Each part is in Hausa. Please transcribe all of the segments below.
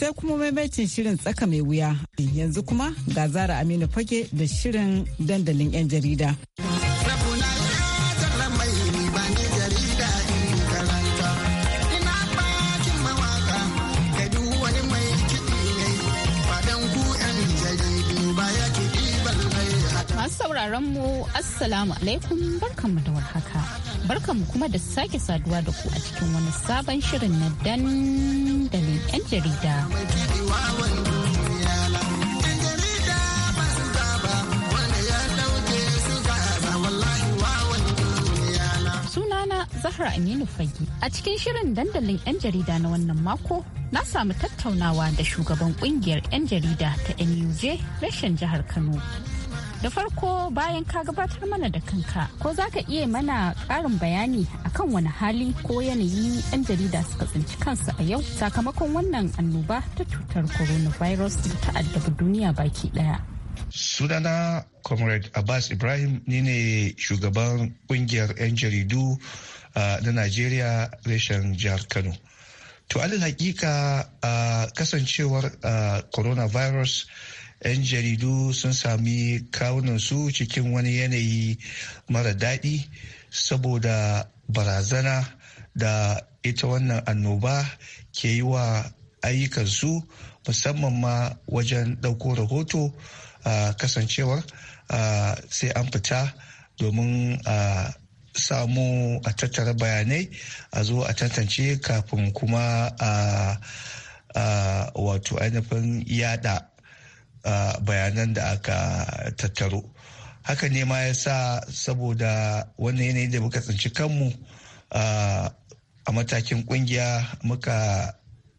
sai kuma maimaitin shirin tsaka mai wuya yanzu kuma ga zara aminu fage da shirin dandalin 'yan jarida masu sauraron mu assalamu alaikum barkanmu da warhaka barkanmu kuma da sake saduwa da ku a cikin wani sabon shirin na dandalin 'yan jarida. Sunana Zahra Aminu Fagi a cikin shirin dandalin 'yan jarida na wannan mako na samu tattaunawa da shugaban kungiyar 'yan jarida ta NUJ rashin jihar Kano Da farko bayan ka gabatar mana da kanka, ko za ka iya mana ƙarin bayani akan wani hali ko yanayi 'yan jarida suka tsinci kansa a yau sakamakon wannan annoba ta cutar coronavirus da ta addabi duniya baki ɗaya. Sunana Comrade Abbas Ibrahim ni ne shugaban kungiyar 'yan jaridu na Najeriya reshen jihar Kano. To alal hakika kasancewar coronavirus 'yan jaridu sun sami kawunansu cikin wani yanayi mara daɗi saboda barazana da ita wannan annoba ke yi wa ayyukansu musamman ma wajen ɗauko rahoto a kasancewar sai an fita domin a samu a tattara bayanai a zo a tantance kafin kuma a wato ainihin yada bayanan da aka tattaro haka ne ma ya sa saboda wannan yanayi da muka tsinci kanmu a matakin kungiya muka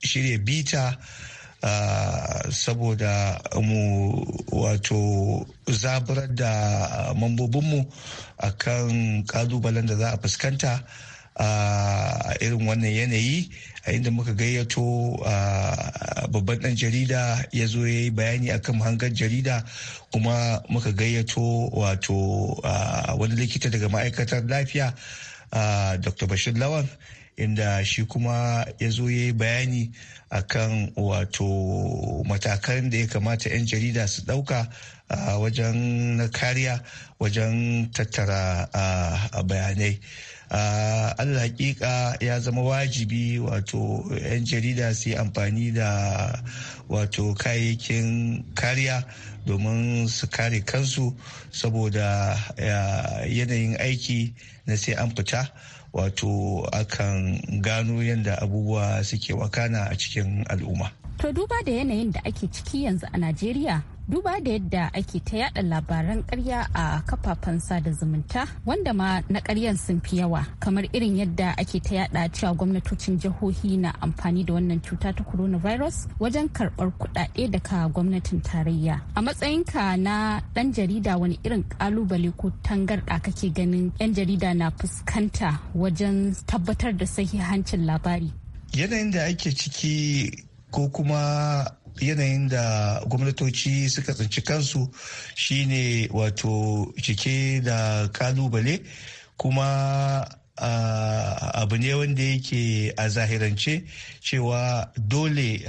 shirya bita Uh, saboda mu wato zaburar da mambobinmu a kan kalubalen da za a fuskanta a irin wannan yanayi inda muka gayyato a babban dan jarida ya zo ya yi bayani akan hangar jarida kuma muka gayyato wato wani likita daga ma'aikatar lafiya dr bashir lawan inda shi kuma ya zo ya yi bayani akan wato matakan da ya kamata 'yan jarida su ɗauka wajen kariya wajen tattara bayanai. allah hakika ya zama wajibi wato 'yan jarida su yi amfani da wato kayayyakin kariya domin su kare kansu saboda yanayin aiki na sai an fita wato akan gano yadda abubuwa suke wakana a cikin al'umma. To duba da yanayin da ake ciki yanzu a Najeriya duba da yadda ake ta yada labaran karya a kafafen sada zumunta wanda ma na karyan sun fi yawa kamar irin yadda ake ta yada cewa gwamnatocin jihohi na amfani da wannan cuta ta coronavirus wajen karbar kudade daga gwamnatin tarayya a matsayinka na dan jarida wani irin kalubale ko tangarda kake ganin yan jarida na fuskanta wajen tabbatar da sahihancin labari yanayin da ake ciki ko kuma yanayin da gwamnatoci suka tsinci kansu shine wato cike da kalubale kuma abu ne wanda yake a zahirance cewa dole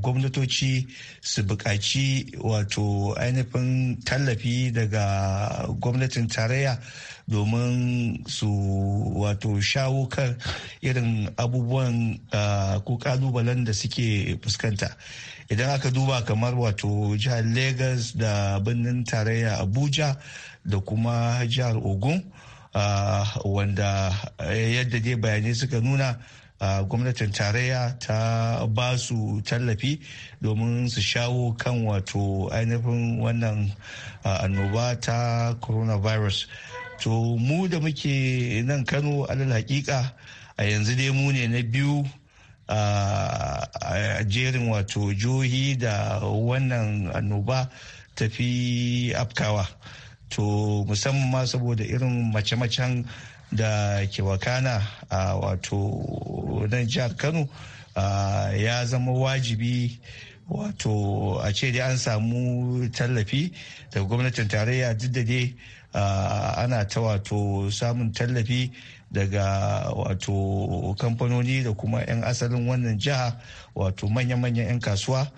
gwamnatoci su buƙaci wato ainihin tallafi daga gwamnatin tarayya domin su wato shawo kan irin abubuwan ko kalubalen da suke fuskanta idan aka duba kamar wato jihar lagos da birnin tarayya abuja da kuma jihar ogun wanda eh, yadda dai bayanai suka nuna gwamnatin tarayya ta ba su tallafi domin su shawo kan wato ainihin wannan annoba ta coronavirus to mu da muke nan kano alal hakika a yanzu dai mu ne na biyu a jerin wato jihohi da wannan annoba tafi afkawa. afkawa to musamman ma saboda irin mace-macen da ke wakana a wato nan jihar kano ya zama wajibi wato a ce dai an samu tallafi da gwamnatin tarayya duk da dai ana ta wato samun tallafi daga wato kamfanoni da kuma 'yan asalin wannan jiha wato manya-manyan 'yan kasuwa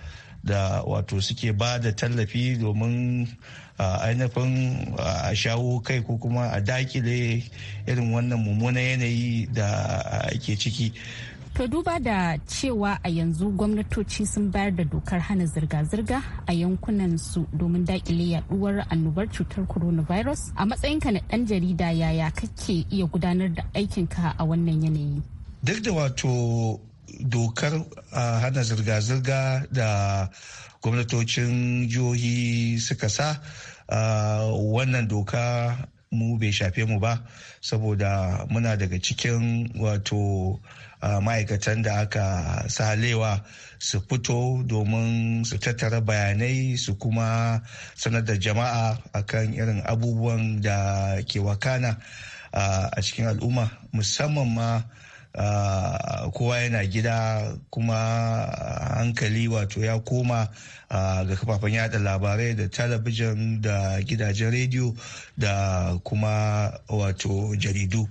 da wato suke ba da tallafi domin ainihin a shawo kai ko kuma a dakile irin wannan mummunan yanayi da ke ciki To duba da cewa a yanzu gwamnatoci sun bayar da dokar hana zirga-zirga a yankunan su domin dakile yaduwar annobar cutar coronavirus a matsayinka na dan jarida yaya kake iya gudanar da aikinka a wannan yanayi. Duk da wato dokar hana zirga-zirga da gwamnatocin jihohi suka sa wannan doka mu bai shafe mu ba saboda muna daga cikin wato ma'aikatan da aka salewa su fito domin su tattara bayanai su kuma sanar da jama'a akan irin abubuwan da ke wakana a cikin al'umma musamman ma Ah, kowa yana gida kuma hankali wato ya koma ah, ga kafafen yada labarai da talabijin da gidajen rediyo da kuma wato jaridu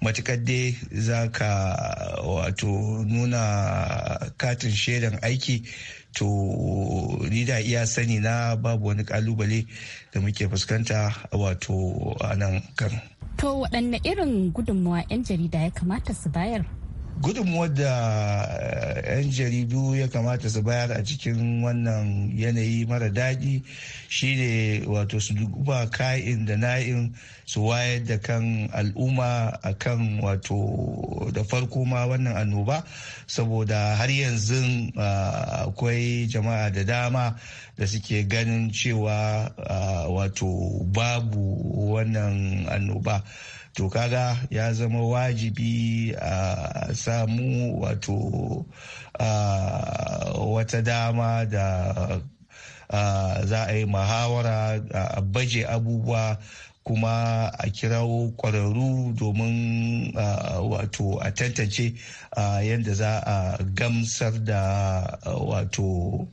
matukar dai za ka wato nuna katin shaidan aiki to ni da iya sani na babu wani kalubale da muke fuskanta wato a nan kan to waɗanne irin gudunmawa 'yan jarida ya kamata su bayar gudunmuwar da eh, 'yan jaridu ya kamata su bayar a cikin wannan yanayi mara daɗi shine wato su duba ka'in da na'in su wayar da kan al'umma a kan wato da farko ma wannan annoba saboda har yanzu ah, akwai jama'a da dama da suke ganin cewa ah, wato babu wannan annoba. to kaga ya zama wajibi a samu wato wata dama da za a yi mahawara a baje abubuwa kuma a kirawo kwararru domin wato a tantance yadda za a gamsar da wato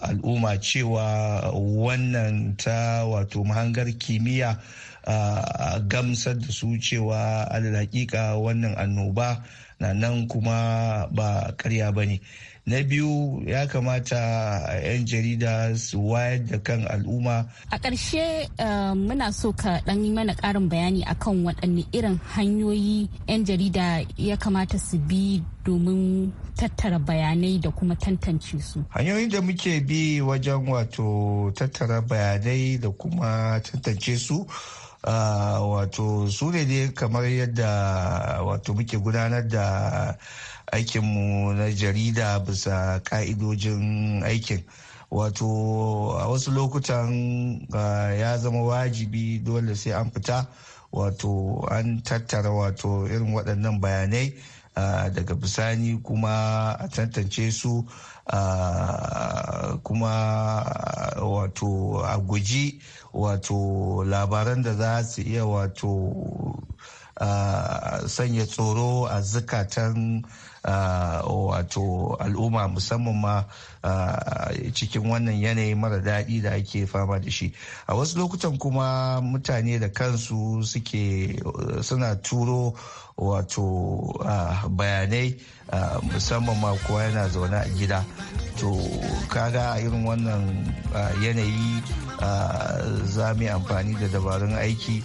al'umma cewa wannan ta wato mahangar kimiyya a gamsar da su cewa alal wannan annoba na nan kuma ba karya ba ne na biyu ya kamata 'yan jarida su wayar da kan al'umma a ƙarshe eh, muna so ka ɗan yi mana ƙarin bayani akan waɗanne irin hanyoyi 'yan jarida ya kamata su bi domin tattara bayanai da kuma tantance su hanyoyin da muke bi wajen wato tattara bayanai da kuma tantance su Ah, wato su ne dai kamar yadda wato muke gudanar da aikinmu na jarida bisa ka'idojin aikin wato a wasu lokutan ah, ya zama wajibi dole sai an fita wato an tattara wato irin waɗannan bayanai ah, daga bisani kuma a tantance su kuma wato a guji wato labaran da za su iya wato sanya tsoro a zukatan Ah, wato al'umma musamman ma ah, cikin wannan yanayi mara daɗi da ake fama da shi a wasu lokutan kuma mutane da kansu suke suna turo wato ah, bayanai musamman ma kowa yana zaune a gida to kaga irin wannan yanayi za mu yi amfani da dabarun aiki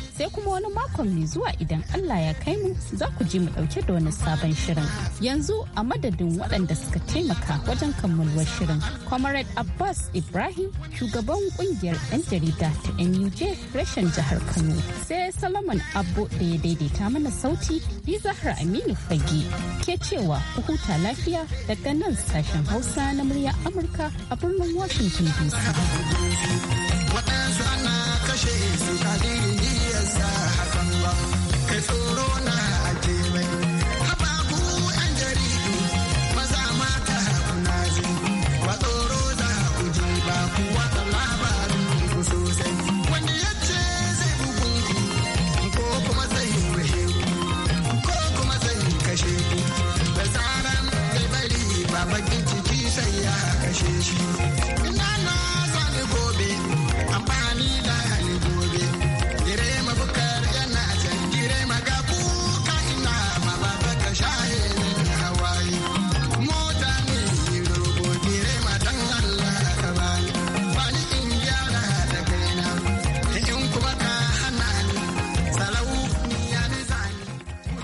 sai kuma wani makon mai zuwa idan Allah ya kai mu za ku ji mu dauke da wani sabon shirin. Yanzu a madadin waɗanda suka taimaka wajen kammaluwar shirin. Comrade Abbas Ibrahim shugaban kungiyar 'yan jarida ta NUJ rashin jihar Kano. Sai salomon abu da ya daidaita mana sauti ni Zahra Aminu Fage ke cewa ku huta lafiya daga nan sashen Hausa na muryar Amurka a birnin Washington DC. kashe su yasa hakan ba, ke tsoro na ake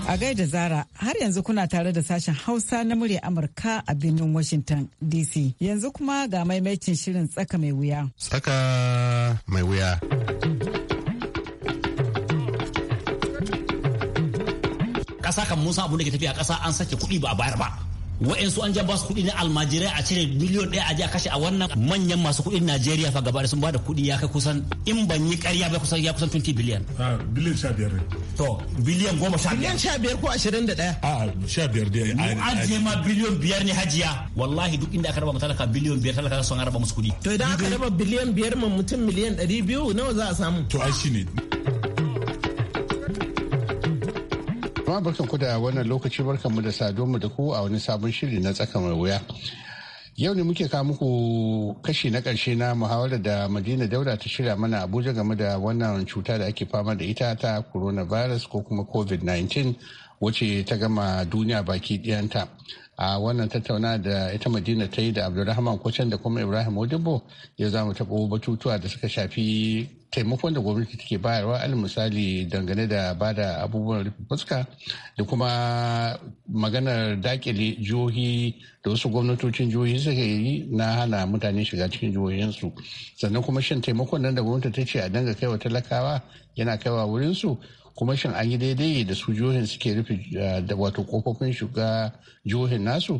A gaida Zara, har yanzu kuna tare da sashen Hausa na murya Amurka a birnin Washington DC. Yanzu kuma ga maimaitin shirin tsaka mai wuya. Tsaka mai wuya. Ƙasa kan Musa abin da ke tafiya ƙasa an sake kuɗi ba a bayar ba. wa'yansu an ja ba su kuɗi na almajirai a cire miliyon ɗaya a je a kashe a wannan manyan masu kuɗin Najeriya fa gaba da sun ba da kuɗi ya kai kusan in ban yi ƙarya ba kusan ya kusan 20 biliyan. Ah, biliyan sha biyar To biliyan goma sha biyar. Biliyan sha biyar ko ashirin da ɗaya. A ah, sha biyar dai. Mu ajiye ma biliyon biyar ne hajiya. Wallahi duk inda aka raba mu talaka biliyon biyar talaka sun raba musu kuɗi. To idan aka raba biliyan biyar ma mutum miliyan ɗari biyu nawa za a samu. To ai shine Kuma barkan ku da wannan lokaci barkan mu da saduwar mu da ku a wani sabon shiri na tsaka mai wuya. Yau ne muke kawo muku kashi na karshe na muhawarar da Madina Daura ta shirya mana Abuja game da wannan cuta da ake fama da ita ta coronavirus ko kuma COVID-19 wacce ta gama duniya baki ɗiyanta a wannan tattauna da ita madina ta yi da abdulrahman kwacen da kuma ibrahim modibo ya za mu taɓo batutuwa da suka shafi taimakon da gwamnati take bayarwa alal misali dangane da bada abubuwan rufe fuska da kuma maganar dakile jihohi da wasu gwamnatocin jihohi suka yi na hana mutane shiga cikin jihohinsu sannan kuma shan taimakon nan da gwamnati ta ce a danga kaiwa talakawa yana kaiwa wurinsu kuma shin an yi daidai da su jihohin suke rufe eh, da wato kofofin shiga jihohin nasu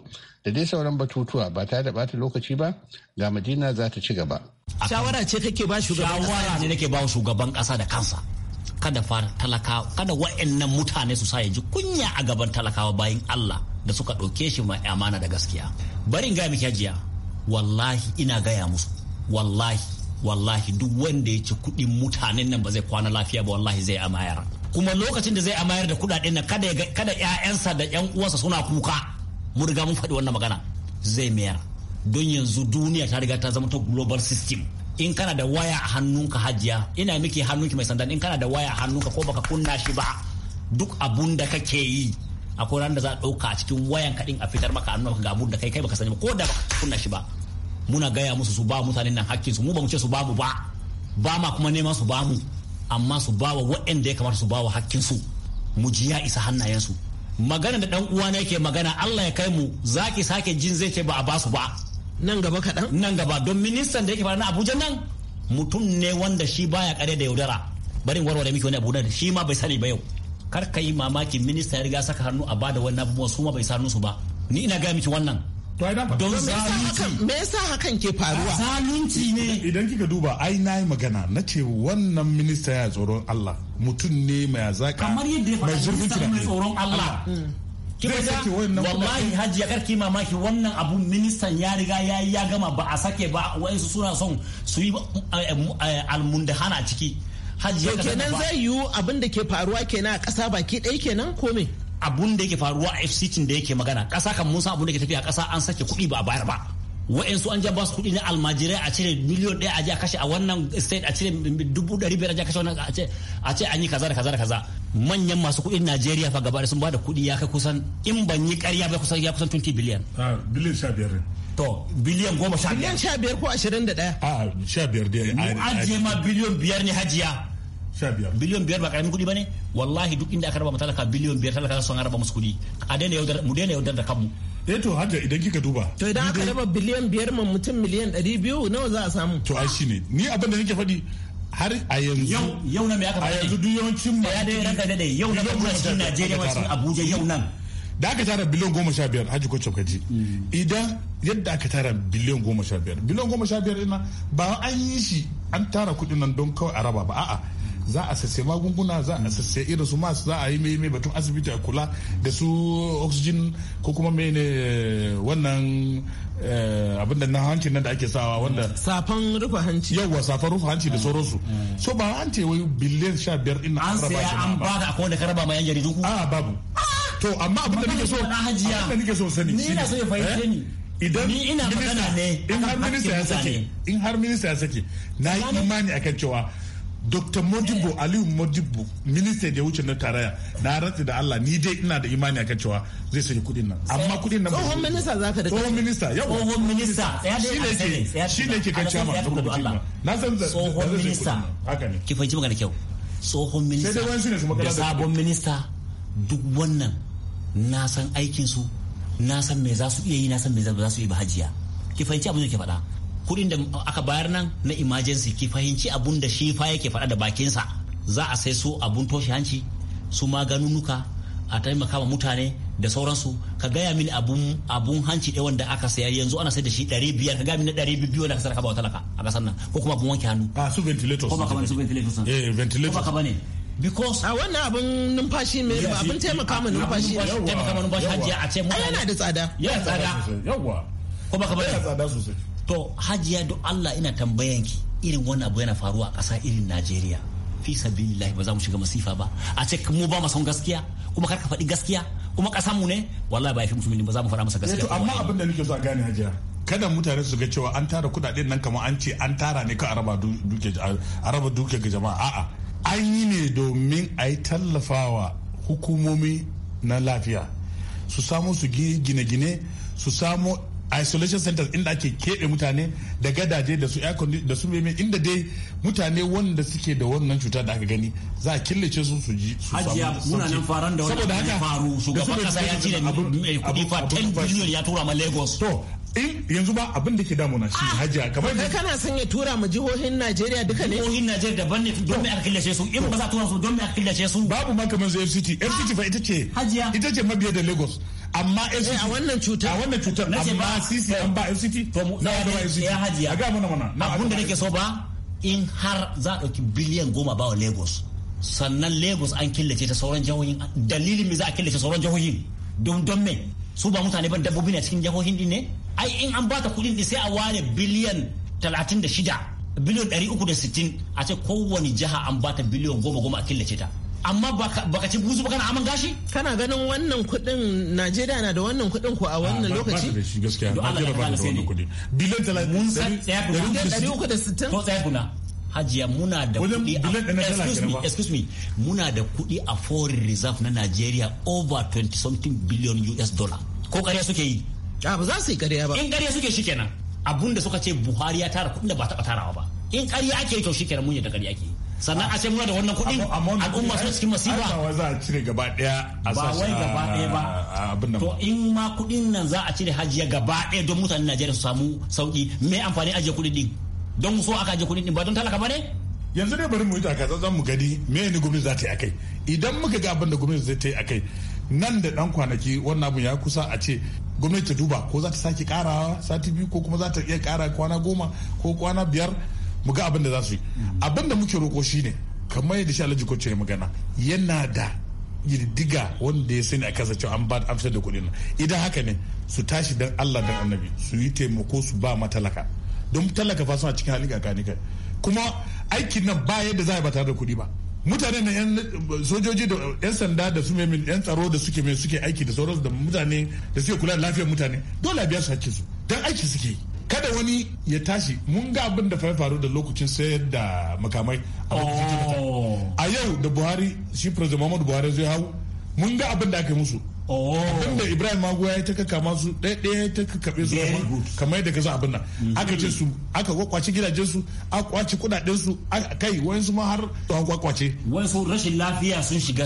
da dai sauran batutuwa ba ta da bata lokaci ba ga madina za ta ci gaba shawara ce kake ba shugaban shawara ne nake ba shugaban kasa da kansa kada far talaka kada wa'annan mutane su sa ya ji kunya a gaban talakawa bayan Allah da suka ɗauke shi ma amana da gaskiya barin ga miki jiya wallahi ina gaya musu wallahi wallahi duk wanda ya ci kudin mutanen nan ba zai kwana lafiya ba wallahi zai amayar kuma lokacin da zai amayar da kudaden nan kada kada ƴaƴansa da ƴan uwansa suna kuka mu riga mun faɗi wannan magana zai mayar don yanzu duniya ta riga ta zama ta global system in kana da waya a hannunka hajiya ina miki hannunki mai sandan in kana da waya a hannunka ko baka kunna shi ba duk abun da kake yi akwai ran da za a ɗauka a cikin wayan kaɗin a fitar maka hannun ga abun da kai kai baka sani ba ko da baka kunna shi ba muna gaya musu su ba mutanen nan hakkin su mu ba mu ce su ba mu ba ba ma kuma neman su ba mu amma su bawa waɗanda ya kamata su bawa hakkin su mu ji ya isa hannayensu magana da dan uwana yake magana Allah ya kai mu zaki sake jin zai ce ba a basu ba nan gaba kaɗan nan gaba don ministan da yake fara na Abuja nan mutum ne wanda shi baya kare da yaudara barin warware miki wani abu shi ma bai sani ba yau kar ka yi mamakin minista ya riga saka hannu a bada wani abubuwan su ma bai sa su ba ni ina gaya miki wannan don zalunci me yasa hakan ke faruwa zalunci ne idan kika duba ai na yi magana na ce wannan minista ya tsoron Allah mutum ne mai zaka kamar yadda ya faɗa mai tsoron Allah wallahi ya karki mamaki wannan abu ministan ya riga ya ya gama ba a sake ba wa'ansu suna son su yi eh, eh, hana ciki hajiya kenan zai yiwu abin da ke faruwa kenan a ƙasa baki ɗaya kenan ko me abun da yake faruwa a FCT da yake magana ƙasa kan musa abun da yake tafiya ƙasa an sake kuɗi ba a bayar ba wa'yansu an ja basu kuɗi na almajirai a cire miliyon ɗaya a je a kashe a wannan state a cire dubu ɗari biyar a je a kashe wannan a ce an yi kaza da kaza da kaza manyan masu kuɗi Najeriya fa gaba da sun bada kuɗi ya kai kusan in ban yi ƙarya ba kusan ya kusan 20 biliyan. Ah, biliyan sha biyar To biliyan goma sha biyar. Biliyan sha biyar ko ashirin da ɗaya. A ah, sha biyar dai. Mu ajiye ma biliyon biyar ne hajiya. biliyon biyar ba karamin kudi ba ne wallahi duk inda aka raba mu talaka biliyon biyar talaka sun raba musu kudi a daina yaudar mu daina yaudar da kanmu eh to hajja idan kika duba to idan aka raba biliyon biyar ma mutum miliyan ɗari biyu nawa za a samu to ai shine ni abin da nake faɗi har a yanzu yau yau nan me aka faɗi a yanzu duk yawancin ma ya dai ranka dai yau nan kuma cikin Najeriya wasu Abuja yau nan da aka tara biliyan goma sha biyar hajji kwacce kaji mm. idan yadda aka tara biliyan goma sha biyar biliyan goma sha biyar ina ba an yi shi an tara kudin nan don kawai a raba ba a'a za a sassai magunguna za a sassai irin su masu za a yi mai mai batun asibiti a kula da su oxygen ko kuma mai ne wannan eh, abinda na hanci nan da ake sawa wanda safan rufe hanci yawwa safan rufe hanci da sauransu so ba an ce wai biliyan sha biyar ina an raba shi an ba da akwai wanda karaba ma yan jaridu ku a ah, babu to amma abinda nake so nake so sani ni ina so ya fahimce ni eh, idan ni ina magana ne in har minista ya sake in har minista ya sake na yi imani akan cewa dr modibo aliyu modibo minista da wuce na tarayya na ratsi da allah ni dai ina da imani akan cewa zai sanya kudin nan amma kudin nan tsohon minista za ka da tsohon minista yau tsohon minista shi ne ke kan cewa ma na san tsohon minista haka ne ki fahimci magana kyau tsohon minista da sabon minista duk wannan na san aikinsu na san me za su iya yi na san me za su yi ba hajiya ki fahimci abin da ke faɗa kuɗin da aka bayar nan na emergency ki fahimci abun da shi fa yake faɗa da bakinsa za a sai su abun toshe hanci su maganunuka a taimaka ma mutane da sauransu ka gaya mini abun abun hanci ɗaya wanda aka sayar yanzu ana sai da shi ɗari biyar ka gaya mini ɗari biyu wanda aka sayar ka ba talaka a ƙasar nan ko kuma abun wanke hannu. a ah, su ventilators ko ba ka bane su ventilators. eh ventilators ko ba ka bane. because a wannan abun numfashi mai abin taimaka ma numfashi taimaka ma numfashi hajiya a ce mutane. yana da tsada. yana tsada. yawwa. ko ba ka bane. yana tsada sosai. to hajiya don allah ina tambayan ki irin wani abu yana faruwa a ƙasa irin najeriya fi sabilillahi ba za mu shiga masifa ba a ce mu ba mu son gaskiya kuma kar ka faɗi gaskiya kuma ƙasan mu ne wallahi ba ya fi musulmi ba za mu fara masa gaskiya eh to amma abin da nake so a gane hajiya kada mutane su ga cewa an tara kudaden nan kamar an ce an tara ne ka araba duke araba duke ga jama'a a'a an yi ne domin a yi tallafawa hukumomi na lafiya su samo su gine-gine su samo isolation centers inda ake keɓe mutane da gadaje da su da su meme inda dai mutane wanda suke da wannan cuta da aka gani za a killace su su ji su hajiya nan faran da wannan ya faru shugaban kasa ya ci da kuɗi fa 10 billion ya tura ma lagos to in eh, yanzu ba abin da ke damuna shi ah. hajiya kamar da kana son ya tura mu jihohin Najeriya duka ne jihohin Najeriya daban ne don me aka killace su in ba za tura su don me aka killace su babu ma kamar zai FCT ah. FCT fa ita ce hajiya ita ce mabiya da Lagos amma FCT eh, a wannan cutar a wannan cutar amma CC an ba FCT eh. to mu na ga FCT ya hajiya ga mana mana abin da nake so ba in har za a dauki biliyan goma ba wa Lagos sannan Lagos an killace ta sauran jihohin dalilin me za a killace sauran jihohin don don me su ba mutane ban dabbobi ne cikin jihohin din ne ai in an bata kuɗin ne sai a ware biliyan 36 biliyan 360 a ce kowane jiha an bata biliyan goma goma a killace ta amma baka ci buzu ba kana aman gashi kana ganin wannan kudin Najeriya na da wannan kudin ko a ah, wannan lokaci ba shi gaskiya Najeriya ba da wannan kudi biliyan 30 mun san tsaya Ko tsaya kuna hajiya muna da kudi excuse me excuse me muna da kudi a foreign reserve na Najeriya over 20 something billion US dollar ko kariya suke yi a ba za su yi ƙarya ba in ƙarya suke shi kenan abun da suka ce buhari ya tara kuɗin da ba taɓa tarawa ba in ƙarya ake yi to shi kenan mun yadda ƙarya ake yi sannan a ce muna da wannan kuɗin al'umma su cikin masifa ba za a cire gaba ɗaya a ba wai gaba ɗaya ba to in ma kuɗin nan za a cire hajiya gaba ɗaya don mutanen Najeriya su samu sauki me amfani ajiye kuɗin din don so aka ajiye kuɗin din ba don talaka ba ne yanzu ne bari mu yi taka zan mu gani me ne gwamnati za ta yi akai idan muka ga abin da gwamnati zai ta yi akai nan da dan kwanaki wannan abun ya kusa a ce gwamnati ta duba ko za ta sake karawa sati biyu ko kuma za ta iya kara kwana goma ko kwana biyar mu ga abin da za su yi mm. abin da muke roƙo ne kamar yadda shi alhaji kwace magana yana da girdiga wanda ya sani a kasa cewa an ba amsar da kuɗin idan haka ne su tashi dan allah dan annabi su yi taimako su ba ma talaka don talaka fa suna cikin halin kai. kuma aikin nan ba yadda za a ba tare da kuɗi ba mutane na yan sojoji da yan sanda da su mai yan tsaro da suke mai suke aiki da sauransu da mutane da suke kula da lafiyar mutane dole a biya su hakkinsu dan aiki suke kada wani ya tashi mun ga abin da fa faru da lokacin sayar da makamai a lokacin oh. a yau da buhari shi president muhammadu buhari zai hau mun ga abin da aka yi musu Oh. tunda ibrahim mago ya ta kaka masu ɗaya ta kakaɓe su kamar yadda ka sa abin nan mm-hmm. aka ce su aka kwakwace gidajen su aka kwace kudaden su kai wani su ma har an kwakwace wani su rashin lafiya sun shiga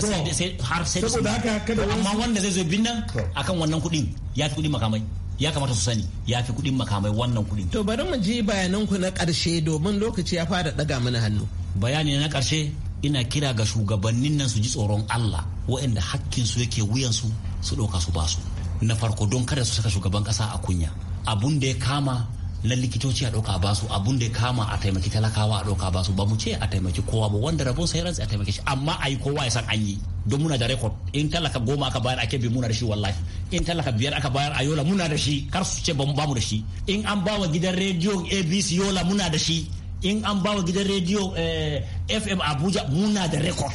har sai saboda haka kada amma wanda zai zo bin nan akan wannan kuɗin ya fi kuɗin makamai ya kamata su sani ya fi kuɗin makamai wannan kuɗin. To bari mu ji ku na ƙarshe domin lokaci ya fara ɗaga mana hannu. Bayani na ƙarshe ina kira ga shugabannin nan su ji tsoron Allah waɗanda hakkin su yake wuyansu su ɗauka su basu na farko don kada su saka shugaban kasa a kunya abun da ya kama na likitoci a ɗauka ba abun da ya kama a taimaki talakawa a ɗauka ba su ba mu ce a taimaki kowa ba wanda rabon sai ransa a taimaki shi amma a yi kowa ya san an yi don muna da rekod in talaka goma aka bayar a kebe muna da shi wallahi in talaka biyar aka bayar a yola muna da shi kar su ce ba mu da shi in an bawa gidan rediyon abc yola muna da shi in an bawa gidan rediyo eh, fm abuja muna da rekod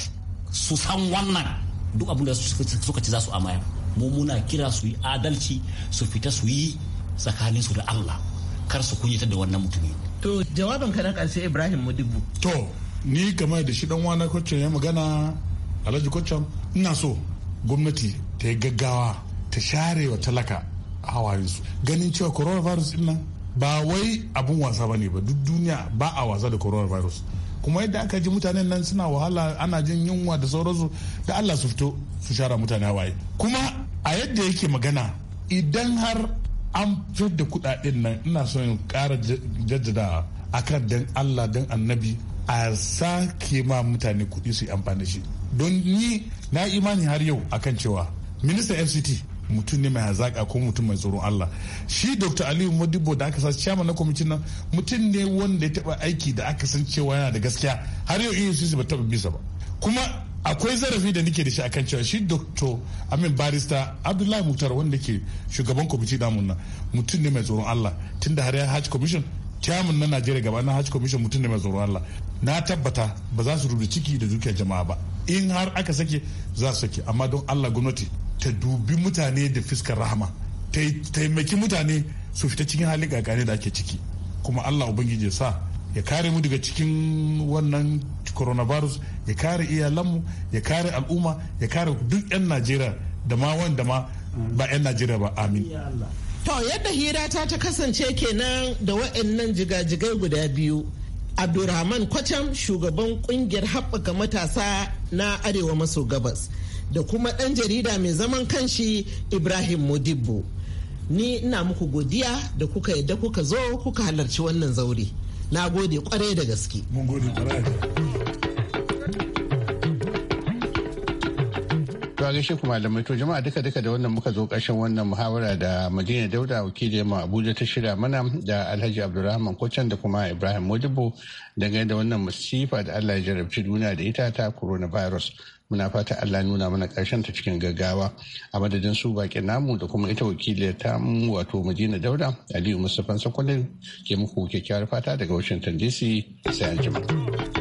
su san wannan duk abun da suka ci za su amaya mu muna kira su yi adalci su fita su yi tsakanin su da Allah kar su kunyata da wannan mutumi to jawaban ka na karshe Ibrahim Mudibu to ni game da shi dan wani ya magana Alhaji kwaccin ina so gwamnati ta yi gaggawa ta share wa talaka hawayensu ganin cewa coronavirus din nan ba wai abun wasa ba ne ba duk duniya ba a wasa da coronavirus kuma yadda aka ji mutanen nan suna wahala ana jin yunwa da sauransu da allah su fito su share mutane hawaye kuma a yadda yake magana idan har an fitar da kudaden nan ina son in kara jaddada akan dan allah dan annabi a sake ma mutane kudi su yi amfani shi don ni na imani har yau akan cewa ministan fct mutum ne mai hazaƙa ko mutum mai tsoron Allah shi Dr. Aliyu Modibo da aka sace chairman na kwamitin nan mutum ne wanda ya taba aiki da aka san cewa yana da gaskiya har yau EFCC ba taba bisa ba kuma akwai zarafi da nike da shi akan cewa shi doktor amin barista abdullahi muktar wanda ke shugaban kwamiti namun nan mutum ne mai tsoron allah tunda har ya hajj commission chairman na najeriya gaba na hajj commission mutum ne mai tsoron allah na tabbata ba za su rubuta ciki da dukiyar jama'a ba in har aka sake za su sake amma don allah gwamnati ta dubi mutane da fiskar rahama ta taimaki mutane su fita cikin halin kakane da ake ciki kuma allah ubangiji ya sa ya kare mu daga cikin wannan coronavirus ya kare iyalanmu ya kare al'umma ya kare duk 'yan najeriya da ma wanda ma ba 'yan najeriya ba amin to yadda hira ta ta kasance kenan da wa'annan jigajigai guda biyu abdulrahman kwacham shugaban kungiyar haɓaka matasa na arewa maso gabas da kuma ɗan jarida mai zaman kanshi ibrahim modibbo ni ina muku godiya da kuka yadda kuka zo kuka halarci wannan zaure na gode kwarai da gaske mun gode kwarai a gaishe ku malamai to jama'a duka duka da wannan muka zo ƙarshen wannan muhawara da Madina Dauda wakilin mu Abuja ta shirya mana da Alhaji Abdulrahman Kocan da kuma Ibrahim Modibo dangane da wannan masifa da Allah ya jarabci duniya da ita ta coronavirus. Muna fata Allah nuna mana ƙarshen ta cikin gaggawa a madadin su bakin namu da kuma ita wakiliyar ta mu wato Madina Dauda Aliyu Mustapha Sakwalin ke muku kyakkyawar fata daga Washington DC sai an jima.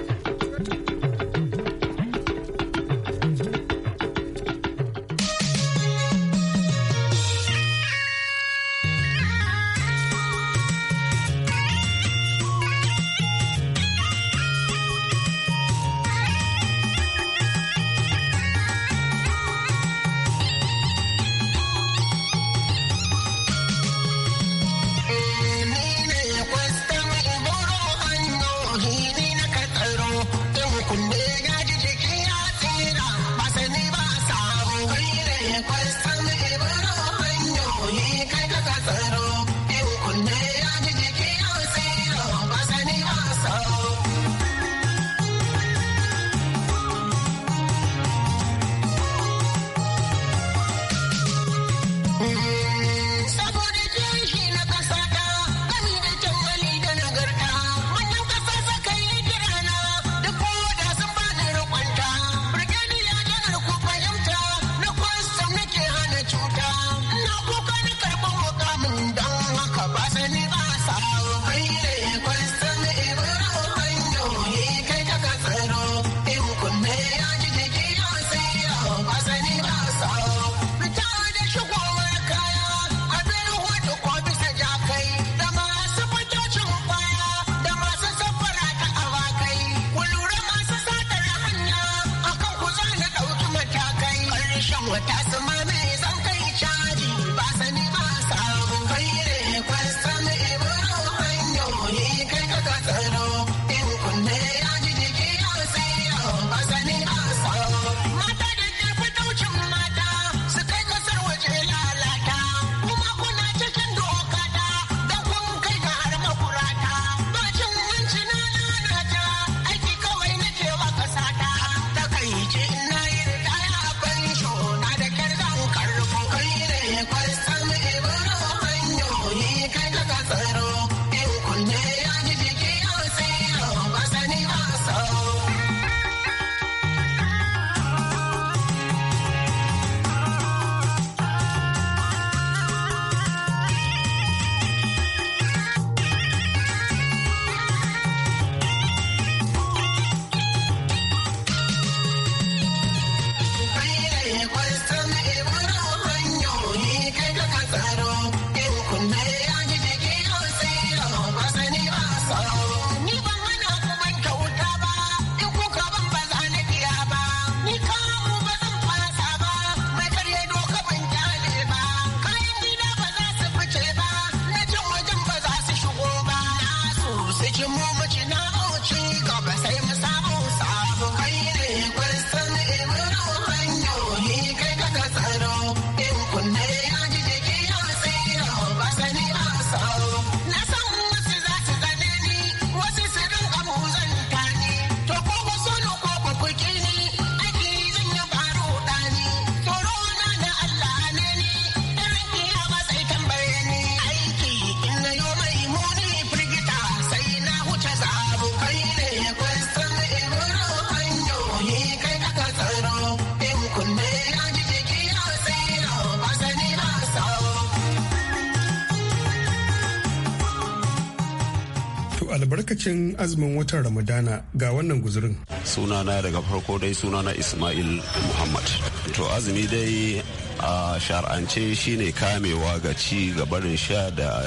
azumin watan ramadana ga wannan guzurin sunana daga farko dai sunana ismail muhammad to azumi dai a shar'ance shine kamewa ga ci gabarin sha da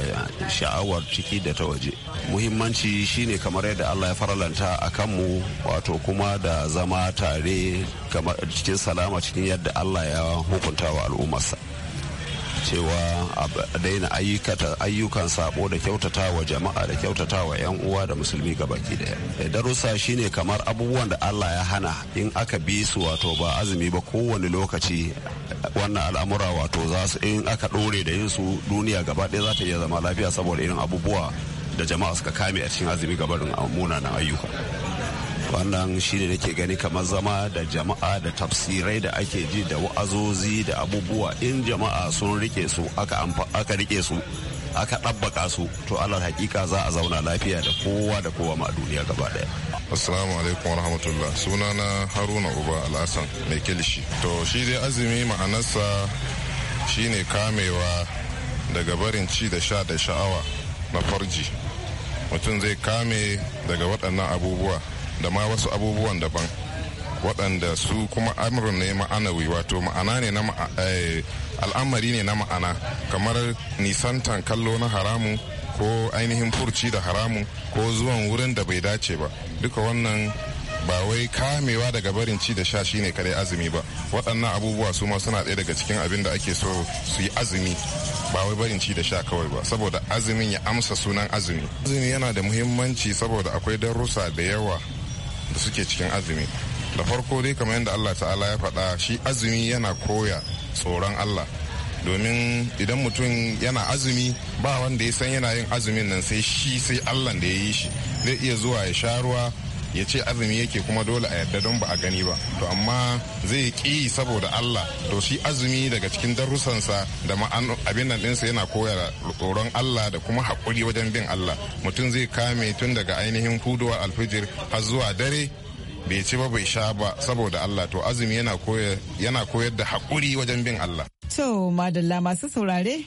sha'awar ciki da ta waje muhimmanci shine kamar yadda allah ya faralanta a kanmu wato kuma da zama tare cikin salama cikin yadda allah ya hukunta wa al'ummarsa cewa a daina ayyukan sabo da kyautata wa jama'a da kyautata wa 'yan uwa da musulmi baki daya eh, darussa shine kamar abubuwan da allah ya hana in aka bi su wato ba azumi ba kowane lokaci wannan al'amura wato za su in aka ɗore da yin su duniya gaba ɗaya za ta iya zama lafiya saboda irin abubuwa da jama'a suka kame a cikin azumi gabarin munanan ayyuka wannan ne nake gani kamar zama da jama'a da tafsirai da ake ji da wa'azozi da abubuwa in jama'a sun rike su aka rike su aka ɗabbaka su to alal hakika za a zauna lafiya da kowa da kowa ma duniya gaba ɗaya. Assalamu alaikum wa Suna na Haruna Uba Alhassan mai kilishi to shi dai azumi ma'anarsa shi ne kamewa daga barin ci da sha da sha'awa na farji mutum zai kame daga waɗannan abubuwa da ma wasu abubuwan daban waɗanda su kuma amurin ne ma'anawi wato ma'ana ne na eh, al'amari ne na ma'ana kamar nisantan kallo na haramu ko ainihin furci da haramu ko zuwan wurin da bai dace ba duka wannan ba wai kamewa daga barin ci da sha shine kare azumi ba waɗannan abubuwa su ma suna ɗaya daga cikin abin da ake so su yi azumi ba wai barin ci da sha kawai ba saboda azumin ya amsa sunan azumi azumi yana da muhimmanci saboda akwai darussa da yawa da suke cikin azumi da farko dai kamar yadda allah ta'ala ya faɗa shi azumi yana koya tsoron allah domin idan mutum yana azumi ba wanda ya san yana yin azumin nan sai shi sai allah da ya yi shi zai iya zuwa ya sha ruwa ya ce azumi yake kuma dole a yadda don ba a gani ba to amma zai ki saboda Allah to shi azumi daga cikin darussansa da abin nan ɗinsa yana koya tsoron Allah da kuma hakuri wajen bin Allah mutum zai kame tun daga ainihin huduwar alfijir har zuwa dare bai ci ba bai sha ba saboda Allah to azumi yana koyar da hakuri wajen bin Allah. To madalla masu saurare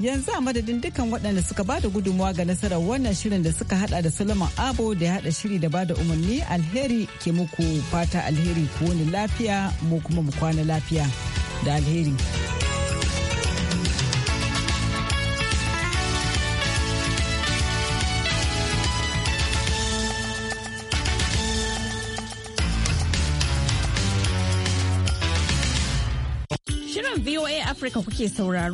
yanzu a madadin dukkan waɗanda suka ba da gudunmawa ga nasarar wannan shirin da suka hada da Solomon Abo da ya hada shiri da bada umarni alheri ke muku fata alheri ku wani lafiya mu kuma mu kwana lafiya da alheri. Shirin VOA Africa kuke sauraro.